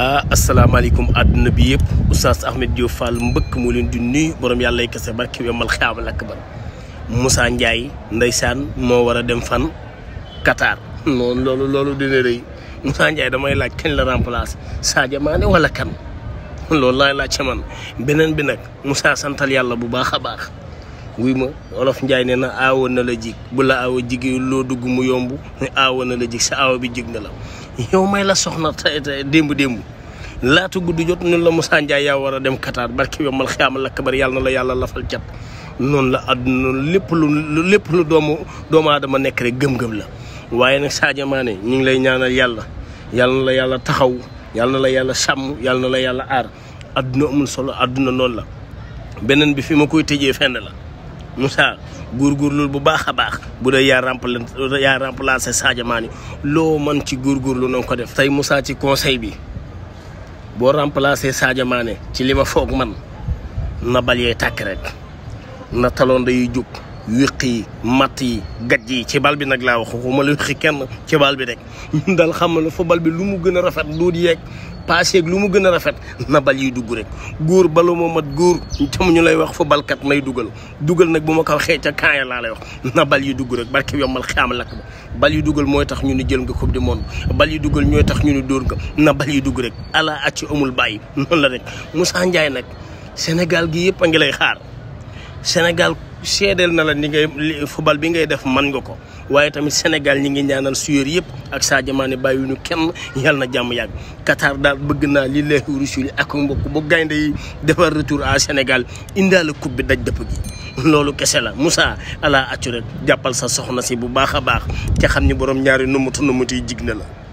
ah asalaamaaleykum àdduna bi yëpp oustaz Ahmed Diop mbëkk mu leen di nuyu boroom yàlla yi kese barki bi mal xaaba lakk ba Moussa Ndiaye ndeysaan moo war a dem fan Qatar noonu loolu loolu dina rëy Moussa Ndiaye damay laaj kañ la remplace Sadio Mané wala kan loolu laay laaj ci man beneen bi nag musaa santal yàlla bu baax a baax wuy ma olof Ndiaye nee na aawoon na la jig bu la aawa jigéen loo dugg mu yomb ne aawoon na la jig sa aawa bi jig na la yow may la soxna tey démb démb laata gudd jot ñun la Moussa Ndiaye yaa war a dem Qatar barki yow man xiyaama lakk bari yàlla na la yàlla lafal cat noonu la àdduna lépp lu lépp lu doomu doomu aadama nekk rek gëm-gëm la waaye nag Sadio Mané ñu ngi lay ñaanal yàlla yàlla na la yàlla taxaw yàlla la yàlla sàmm yàlla na la yàlla aar adduna amul solo àdduna noonu la beneen bi fi ma koy tëjee fenn la. Moussa góorgóorlu bu baax a baax bu dee yaa remplacé yaa remplacé Sadio loo mën ci góorgóorlu na nga ko def. tey Moussa ci conseil bi boo remplacé Sadio ci lima ma foog man na bal yee tàkk rek na taloon day jóg wéq yi matt yi gaj yi ci bal bi nag laa wax waxuma la kenn ci bal bi rek ñun daal xam na fa bal bi lu mu gën a rafet duut yeeg passé lu mu gën a rafet na bal yi dugg rek góor balu moo mat góor tam ñu lay wax fa balkat may dugal dugal nag bu ma ko waxee ca kaaya laa lay wax na bal yi dugg rek barke yombal xaam lakk ba bal yi dugal mooy tax ñu ni jël nga coupe du monde bal yi dugal ñooy tax ñu ni dóor nga na bal dugg rek ala acci amul bàyyi noonu la rek Moussa Ndiaye nag Sénégal gi yëpp a ngi lay xaar Sénégal seedeel na la ni ngay football bi ngay def man nga ko waaye tamit Sénégal ñi ngi ñaanal suyeur yëpp ak saa Sadio Mané bàyyiwuñu kenn yàlla na jàmm yàgg Qatar daal bëgg naa li leexi rusuli ak mbokk bu gaynde defar retour à Sénégal indi indaale coupe bi daj dëpp gi loolu kese la Moussa ala accu rek jàppal sa soxna si bu baax a baax ca xam ni borom ñaari numutu numutu yi jig na la